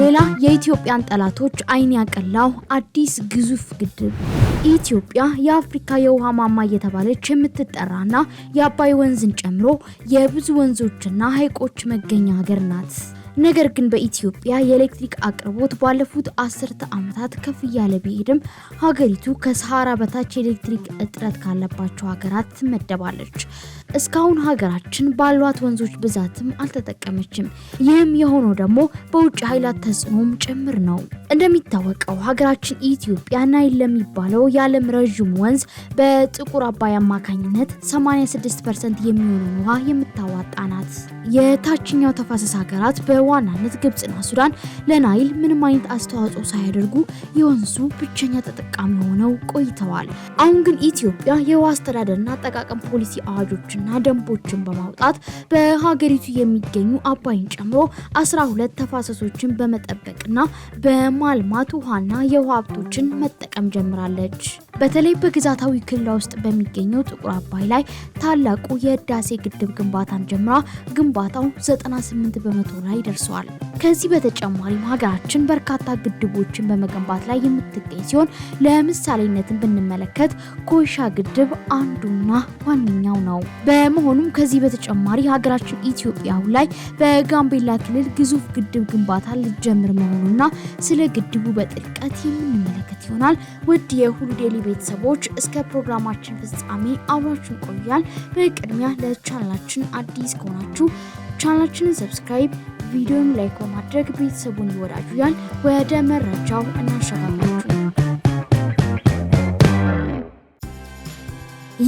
ሌላ የኢትዮጵያን ጠላቶች አይን ያቀላው አዲስ ግዙፍ ግድብ ኢትዮጵያ የአፍሪካ የውሃ ማማ እየተባለች የምትጠራና የአባይ ወንዝን ጨምሮ የብዙ ወንዞችና ሐይቆች መገኛ ሀገር ናት። ነገር ግን በኢትዮጵያ የኤሌክትሪክ አቅርቦት ባለፉት አስርተ ዓመታት ከፍ እያለ ቢሄድም ሀገሪቱ ከሰሃራ በታች የኤሌክትሪክ እጥረት ካለባቸው ሀገራት ትመደባለች። እስካሁን ሀገራችን ባሏት ወንዞች ብዛትም አልተጠቀመችም። ይህም የሆነው ደግሞ በውጭ ኃይላት ተጽዕኖም ጭምር ነው። እንደሚታወቀው ሀገራችን ኢትዮጵያ ናይል ለሚባለው የዓለም ረዥም ወንዝ በጥቁር አባይ አማካኝነት 86 ፐርሰንት የሚሆነውን ውሃ የምታዋጣ ናት። የታችኛው ተፋሰስ ሀገራት በዋናነት ግብፅና ሱዳን ለናይል ምንም አይነት አስተዋጽኦ ሳያደርጉ የወንዙ ብቸኛ ተጠቃሚ ሆነው ቆይተዋል። አሁን ግን ኢትዮጵያ የውሃ አስተዳደርና አጠቃቀም ፖሊሲ አዋጆች ። ህጎችና ደንቦችን በማውጣት በሀገሪቱ የሚገኙ አባይን ጨምሮ 12 ተፋሰሶችን በመጠበቅና በማልማት ውሃና የውሃ ሀብቶችን መጠቀም ጀምራለች። በተለይ በግዛታዊ ክልሏ ውስጥ በሚገኘው ጥቁር አባይ ላይ ታላቁ የህዳሴ ግድብ ግንባታን ጀምራ ግንባታው 98 በመቶ ላይ ደርሰዋል። ከዚህ በተጨማሪም ሀገራችን በርካታ ግድቦችን በመገንባት ላይ የምትገኝ ሲሆን ለምሳሌነትን ብንመለከት ኮይሻ ግድብ አንዱና ዋነኛው ነው። በመሆኑም ከዚህ በተጨማሪ ሀገራችን ኢትዮጵያ ላይ በጋምቤላ ክልል ግዙፍ ግድብ ግንባታ ልጀምር መሆኑና ስለ ግድቡ በጥልቀት የምንመለከት ይሆናል። ውድ የሁሉ ዴሊ ቤተሰቦች እስከ ፕሮግራማችን ፍጻሜ አብራችን ቆያል። በቅድሚያ ለቻናላችን አዲስ ከሆናችሁ ቻናላችንን ሰብስክራይብ፣ ቪዲዮም ላይክ በማድረግ ቤተሰቡን ይወዳጁያል ወደ መረጃው እናሸጋለን።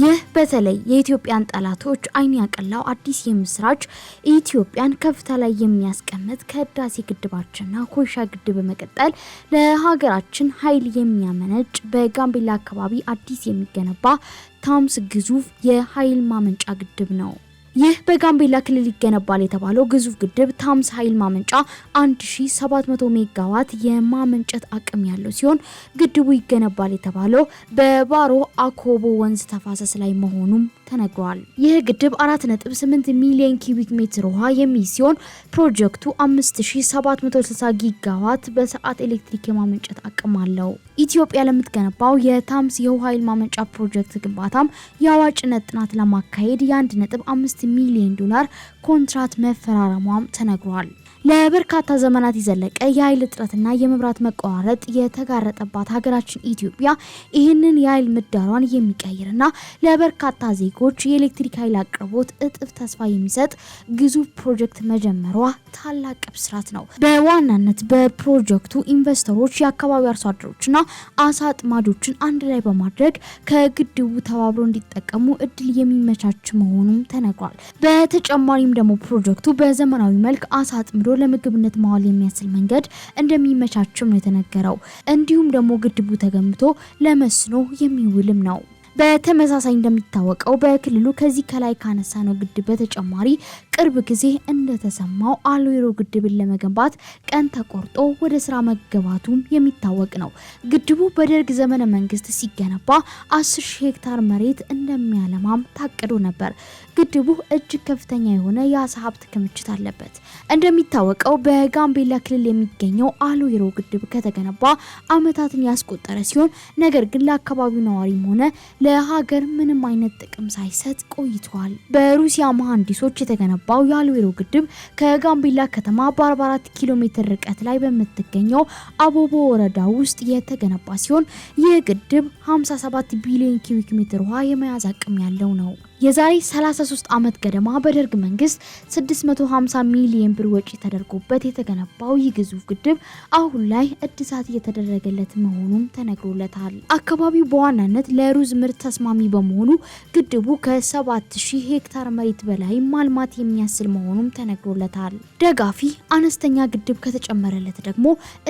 ይህ በተለይ የኢትዮጵያን ጠላቶች አይን ያቀላው አዲስ የምስራች ኢትዮጵያን ከፍታ ላይ የሚያስቀምጥ ከህዳሴ ግድባችንና ኮይሻ ግድብ በመቀጠል ለሀገራችን ኃይል የሚያመነጭ በጋምቤላ አካባቢ አዲስ የሚገነባ ታምስ ግዙፍ የኃይል ማመንጫ ግድብ ነው። ይህ በጋምቤላ ክልል ይገነባል የተባለው ግዙፍ ግድብ ታምስ ኃይል ማመንጫ 1700 ሜጋዋት የማመንጨት አቅም ያለው ሲሆን ግድቡ ይገነባል የተባለው በባሮ አኮቦ ወንዝ ተፋሰስ ላይ መሆኑም ተነግሯል። ይህ ግድብ 4.8 ሚሊዮን ኪቢክ ሜትር ውሃ የሚይዝ ሲሆን ፕሮጀክቱ 5760 ጊጋዋት በሰዓት ኤሌክትሪክ የማመንጨት አቅም አለው። ኢትዮጵያ ለምትገነባው የታምስ የውሃ ኃይል ማመንጫ ፕሮጀክት ግንባታም የአዋጭነት ጥናት ለማካሄድ የ1.5 ሚሊዮን ዶላር ኮንትራት መፈራረሟም ተነግሯል። ለበርካታ ዘመናት የዘለቀ የኃይል እጥረትና የመብራት መቋረጥ የተጋረጠባት ሀገራችን ኢትዮጵያ ይህንን የኃይል ምህዳሯን የሚቀይርና ለበርካታ ዜጎች የኤሌክትሪክ ኃይል አቅርቦት እጥፍ ተስፋ የሚሰጥ ግዙፍ ፕሮጀክት መጀመሯ ታላቅ ብስራት ነው። በዋናነት በፕሮጀክቱ ኢንቨስተሮች፣ የአካባቢ አርሶ አደሮችና አሳ አጥማጆችን አንድ ላይ በማድረግ ከግድቡ ተባብሮ እንዲጠቀሙ እድል የሚመቻች መሆኑም ተነግሯል። በተጨማሪም ደግሞ ፕሮጀክቱ በዘመናዊ መልክ አሳ አጥምዶ ለምግብነት መዋል የሚያስችል መንገድ እንደሚመቻችም ነው የተነገረው። እንዲሁም ደግሞ ግድቡ ተገንብቶ ለመስኖ የሚውልም ነው። በተመሳሳይ እንደሚታወቀው በክልሉ ከዚህ ከላይ ካነሳ ነው ግድብ በተጨማሪ ቅርብ ጊዜ እንደተሰማው አልዌሮ ግድብን ለመገንባት ቀን ተቆርጦ ወደ ስራ መገባቱም የሚታወቅ ነው። ግድቡ በደርግ ዘመነ መንግስት ሲገነባ 10 ሺህ ሄክታር መሬት እንደሚያለማም ታቅዶ ነበር። ግድቡ እጅግ ከፍተኛ የሆነ የአሳ ሀብት ክምችት አለበት። እንደሚታወቀው በጋምቤላ ክልል የሚገኘው አልዌሮ ግድብ ከተገነባ አመታትን ያስቆጠረ ሲሆን ነገር ግን ለአካባቢው ነዋሪም ሆነ ለሀገር ምንም አይነት ጥቅም ሳይሰጥ ቆይቷል። በሩሲያ መሐንዲሶች የተገነባ የተገነባው የአልዌሮ ግድብ ከጋምቤላ ከተማ በ44 ኪሎ ሜትር ርቀት ላይ በምትገኘው አቦቦ ወረዳ ውስጥ የተገነባ ሲሆን ይህ ግድብ 57 ቢሊዮን ኪዩቢክ ሜትር ውሃ የመያዝ አቅም ያለው ነው። የዛሬ 33 ዓመት ገደማ በደርግ መንግስት 650 ሚሊዮን ብር ወጪ ተደርጎበት የተገነባው ይህ ግዙፍ ግድብ አሁን ላይ እድሳት እየተደረገለት መሆኑም ተነግሮለታል። አካባቢው በዋናነት ለሩዝ ምርት ተስማሚ በመሆኑ ግድቡ ከ7000 ሄክታር መሬት በላይ ማልማት የሚያስችል መሆኑም ተነግሮለታል። ደጋፊ አነስተኛ ግድብ ከተጨመረለት ደግሞ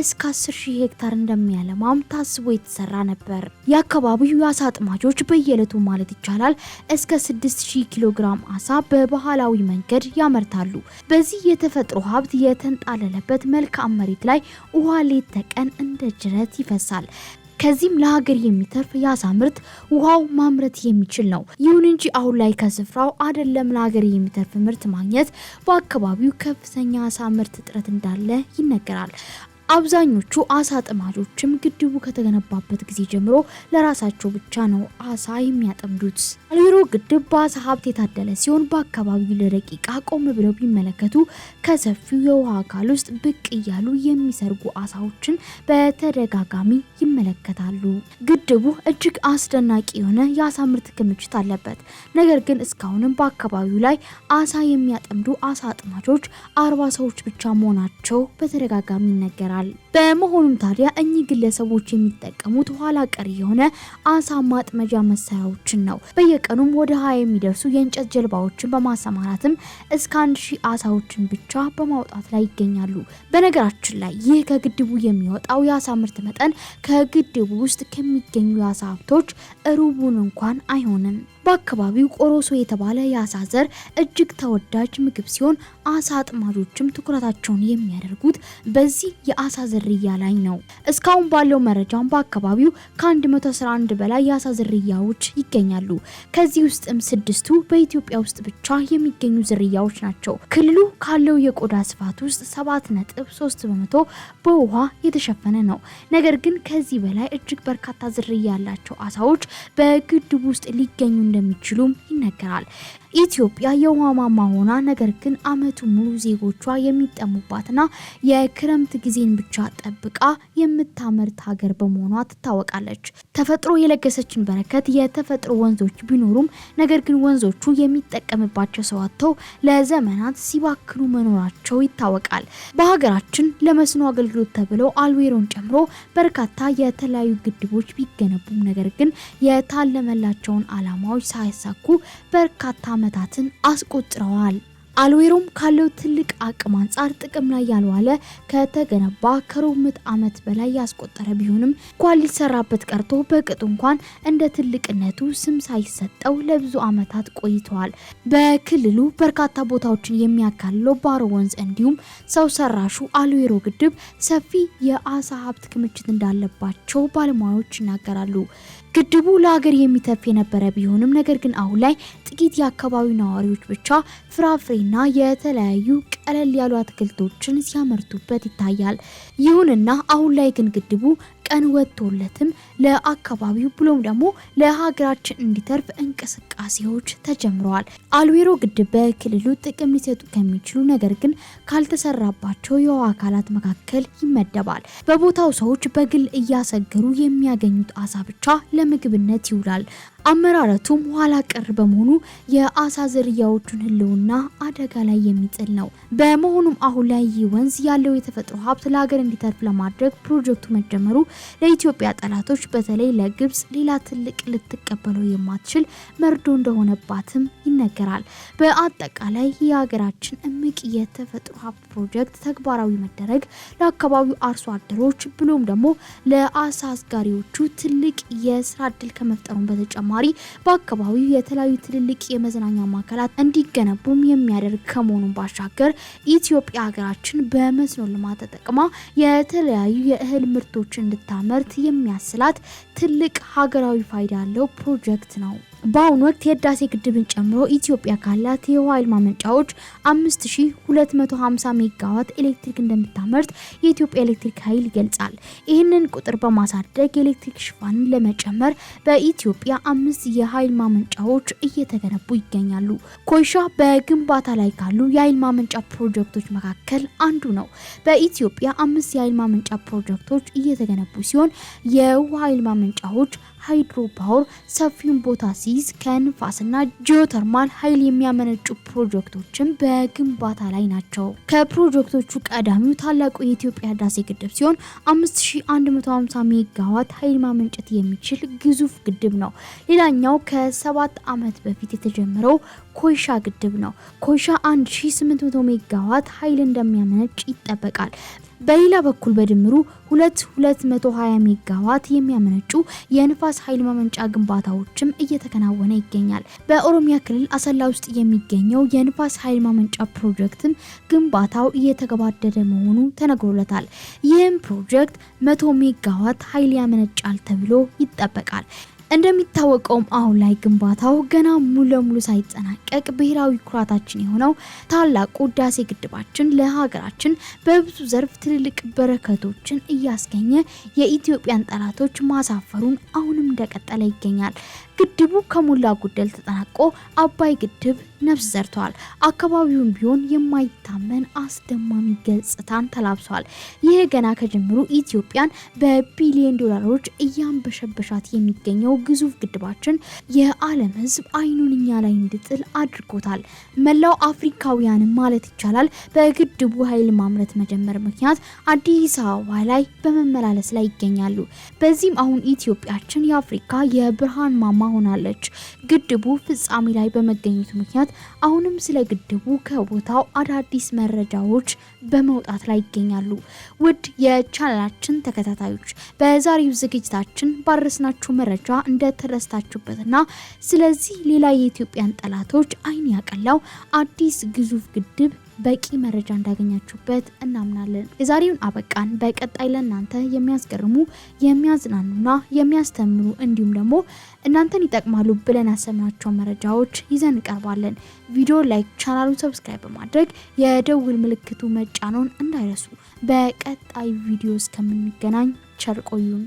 እስከ 10000 ሄክታር እንደሚያለማም ታስቦ የተሰራ ነበር። የአካባቢው የአሳ አጥማጆች በየዕለቱ ማለት ይቻላል እስከ 6000 ኪሎ ግራም አሳ በባህላዊ መንገድ ያመርታሉ። በዚህ የተፈጥሮ ሀብት የተንጣለለበት መልካም መሬት ላይ ውሃ ሌት ተቀን እንደ ጅረት ይፈሳል። ከዚህም ለሀገር የሚተርፍ የአሳ ምርት ውሃው ማምረት የሚችል ነው። ይሁን እንጂ አሁን ላይ ከስፍራው አይደለም ለሀገር የሚተርፍ ምርት ማግኘት፣ በአካባቢው ከፍተኛ አሳ ምርት እጥረት እንዳለ ይነገራል። አብዛኞቹ አሳ ጥማጆችም ግድቡ ከተገነባበት ጊዜ ጀምሮ ለራሳቸው ብቻ ነው አሳ የሚያጠምዱት። አልዌሮ ግድብ በአሳ ሀብት የታደለ ሲሆን በአካባቢው ለደቂቃ ቆም ብለው ቢመለከቱ ከሰፊው የውሃ አካል ውስጥ ብቅ እያሉ የሚሰርጉ አሳዎችን በተደጋጋሚ ይመለከታሉ። ግድቡ እጅግ አስደናቂ የሆነ የአሳ ምርት ክምችት አለበት። ነገር ግን እስካሁንም በአካባቢው ላይ አሳ የሚያጠምዱ አሳ አጥማጆች አርባ ሰዎች ብቻ መሆናቸው በተደጋጋሚ ይነገራል። ይሆናል። በመሆኑም ታዲያ እኚህ ግለሰቦች የሚጠቀሙት ኋላ ቀሪ የሆነ አሳ ማጥመጃ መሳሪያዎችን ነው። በየቀኑም ወደ ሀያ የሚደርሱ የእንጨት ጀልባዎችን በማሰማራትም እስከ አንድ ሺህ አሳዎችን ብቻ በማውጣት ላይ ይገኛሉ። በነገራችን ላይ ይህ ከግድቡ የሚወጣው የአሳ ምርት መጠን ከግድቡ ውስጥ ከሚገኙ የአሳ ሀብቶች ሩቡን እንኳን አይሆንም። በአካባቢው ቆሮሶ የተባለ የአሳ ዘር እጅግ ተወዳጅ ምግብ ሲሆን አሳ አጥማጆችም ትኩረታቸውን የሚያደርጉት በዚህ የአሳ ዝርያ ላይ ነው። እስካሁን ባለው መረጃም በአካባቢው ከ111 በላይ የአሳ ዝርያዎች ይገኛሉ። ከዚህ ውስጥም ስድስቱ በኢትዮጵያ ውስጥ ብቻ የሚገኙ ዝርያዎች ናቸው። ክልሉ ካለው የቆዳ ስፋት ውስጥ 7.3 በመቶ በውሃ የተሸፈነ ነው። ነገር ግን ከዚህ በላይ እጅግ በርካታ ዝርያ ያላቸው አሳዎች በግድቡ ውስጥ ሊገኙ እንደሚችሉም ይነገራል። ኢትዮጵያ የውሃ ማማ ሆና ነገር ግን አመቱ ሙሉ ዜጎቿ የሚጠሙባትና የክረምት ጊዜን ብቻ ጠብቃ የምታመርት ሀገር በመሆኗ ትታወቃለች። ተፈጥሮ የለገሰችን በረከት የተፈጥሮ ወንዞች ቢኖሩም ነገር ግን ወንዞቹ የሚጠቀምባቸው ሰው አጥተው ለዘመናት ሲባክኑ መኖራቸው ይታወቃል። በሀገራችን ለመስኖ አገልግሎት ተብለው አልዌሮን ጨምሮ በርካታ የተለያዩ ግድቦች ቢገነቡም ነገር ግን የታለመላቸውን አላማዎች ግቦች ሳይሳኩ በርካታ ዓመታትን አስቆጥረዋል። አልዌሮም ካለው ትልቅ አቅም አንጻር ጥቅም ላይ ያልዋለ ከተገነባ ከሩብ ዓመት በላይ ያስቆጠረ ቢሆንም እንኳን ሊሰራበት ቀርቶ በቅጡ እንኳን እንደ ትልቅነቱ ስም ሳይሰጠው ለብዙ ዓመታት ቆይተዋል። በክልሉ በርካታ ቦታዎችን የሚያካልለው ባሮ ወንዝ እንዲሁም ሰው ሰራሹ አልዌሮ ግድብ ሰፊ የአሳ ሀብት ክምችት እንዳለባቸው ባለሙያዎች ይናገራሉ። ግድቡ ለሀገር የሚተርፍ የነበረ ቢሆንም ነገር ግን አሁን ላይ ጥቂት የአካባቢው ነዋሪዎች ብቻ ፍራፍሬና የተለያዩ ቀለል ያሉ አትክልቶችን ሲያመርቱበት ይታያል። ይሁንና አሁን ላይ ግን ግድቡ ቀን ወጥቶለትም ለአካባቢው ብሎም ደግሞ ለሀገራችን እንዲተርፍ እንቅስቃሴዎች ተጀምረዋል። አልዌሮ ግድብ በክልሉ ጥቅም ሊሰጡ ከሚችሉ ነገር ግን ካልተሰራባቸው የውሃ አካላት መካከል ይመደባል። በቦታው ሰዎች በግል እያሰገሩ የሚያገኙት አሳ ብቻ ለምግብነት ይውላል። አመራረቱም ኋላ ቀር በመሆኑ የአሳ ዝርያዎቹን ህልውና አደጋ ላይ የሚጥል ነው። በመሆኑም አሁን ላይ ይህ ወንዝ ያለው የተፈጥሮ ሀብት ለሀገር እንዲተርፍ ለማድረግ ፕሮጀክቱ መጀመሩ ለኢትዮጵያ ጠላቶች በተለይ ለግብጽ ሌላ ትልቅ ልትቀበለው የማትችል መርዶ እንደሆነባትም ይነገራል። በአጠቃላይ የሀገራችን እምቅ የተፈጥሮ ሀብት ፕሮጀክት ተግባራዊ መደረግ ለአካባቢው አርሶ አደሮች ብሎም ደግሞ ለአሳ አስጋሪዎቹ ትልቅ የስራ እድል ከመፍጠሩን በተጨማ በተጨማሪ በአካባቢው የተለያዩ ትልልቅ የመዝናኛ ማዕከላት እንዲገነቡም የሚያደርግ ከመሆኑን ባሻገር ኢትዮጵያ ሀገራችን በመስኖ ልማት ተጠቅማ የተለያዩ የእህል ምርቶች እንድታመርት የሚያስላት ትልቅ ሀገራዊ ፋይዳ ያለው ፕሮጀክት ነው። በአሁኑ ወቅት የህዳሴ ግድብን ጨምሮ ኢትዮጵያ ካላት የውሃ ማመንጫዎች 5250 ሜጋዋት ኤሌክትሪክ እንደምታመርት የኢትዮጵያ ኤሌክትሪክ ኃይል ይገልጻል። ይህንን ቁጥር በማሳደግ የኤሌክትሪክ ሽፋንን ለመጨመር በኢትዮጵያ አምስት የኃይል ማመንጫዎች እየተገነቡ ይገኛሉ። ኮይሻ በግንባታ ላይ ካሉ የኃይል ማመንጫ ፕሮጀክቶች መካከል አንዱ ነው። በኢትዮጵያ አምስት የኃይል ማመንጫ ፕሮጀክቶች እየተገነቡ ሲሆን የውሃ ኃይል ማመንጫዎች ሃይድሮ ፓወር ሰፊውን ቦታ ሲይዝ ከንፋስና ጂኦተርማል ኃይል የሚያመነጩ ፕሮጀክቶችም በግንባታ ላይ ናቸው። ከፕሮጀክቶቹ ቀዳሚው ታላቁ የኢትዮጵያ ህዳሴ ግድብ ሲሆን 5150 ሜጋዋት ኃይል ማመንጨት የሚችል ግዙፍ ግድብ ነው። ሌላኛው ከሰባት ዓመት በፊት የተጀመረው ኮይሻ ግድብ ነው። ኮይሻ 1800 ሜጋዋት ኃይል እንደሚያመነጭ ይጠበቃል። በሌላ በኩል በድምሩ 2220 ሜጋዋት የሚያመነጩ የንፋስ ኃይል ማመንጫ ግንባታዎችም እየተከናወነ ይገኛል። በኦሮሚያ ክልል አሰላ ውስጥ የሚገኘው የንፋስ ኃይል ማመንጫ ፕሮጀክትም ግንባታው እየተገባደደ መሆኑ ተነግሮለታል። ይህም ፕሮጀክት 100 ሜጋዋት ኃይል ያመነጫል ተብሎ ይጠበቃል። እንደሚታወቀውም አሁን ላይ ግንባታው ገና ሙሉ ለሙሉ ሳይጠናቀቅ ብሔራዊ ኩራታችን የሆነው ታላቁ ህዳሴ ግድባችን ለሀገራችን በብዙ ዘርፍ ትልልቅ በረከቶችን እያስገኘ የኢትዮጵያን ጠላቶች ማሳፈሩን አሁንም እንደቀጠለ ይገኛል። ግድቡ ከሞላ ጎደል ተጠናቆ አባይ ግድብ ነፍስ ዘርቷል። አካባቢውን ቢሆን የማይታመን አስደማሚ ገጽታን ተላብሷል። ይህ ገና ከጀምሩ ኢትዮጵያን በቢሊዮን ዶላሮች እያንበሸበሻት የሚገኘው ግዙፍ ግድባችን የዓለም ሕዝብ አይኑን እኛ ላይ እንዲጥል አድርጎታል። መላው አፍሪካውያንም ማለት ይቻላል በግድቡ ኃይል ማምረት መጀመር ምክንያት አዲስ አበባ ላይ በመመላለስ ላይ ይገኛሉ። በዚህም አሁን ኢትዮጵያችን የአፍሪካ የብርሃን ማማ ሆናለች። ግድቡ ፍጻሜ ላይ በመገኘቱ ምክንያት አሁንም ስለ ግድቡ ከቦታው አዳዲስ መረጃዎች በመውጣት ላይ ይገኛሉ። ውድ የቻናላችን ተከታታዮች በዛሬው ዝግጅታችን ባረስናችሁ መረጃ እንደተደሰታችሁበትና ስለዚህ ሌላ የኢትዮጵያን ጠላቶች አይን ያቀላው አዲስ ግዙፍ ግድብ በቂ መረጃ እንዳገኛችሁበት እናምናለን። የዛሬውን አበቃን። በቀጣይ ለእናንተ የሚያስገርሙ የሚያዝናኑና የሚያስተምሩ እንዲሁም ደግሞ እናንተን ይጠቅማሉ ብለን ያሰብናቸውን መረጃዎች ይዘን እንቀርባለን። ቪዲዮ ላይክ፣ ቻናሉን ሰብስክራይብ በማድረግ የደውል ምልክቱ መጫኖን እንዳይረሱ። በቀጣይ ቪዲዮ እስከምንገናኝ ቸር ቆዩን።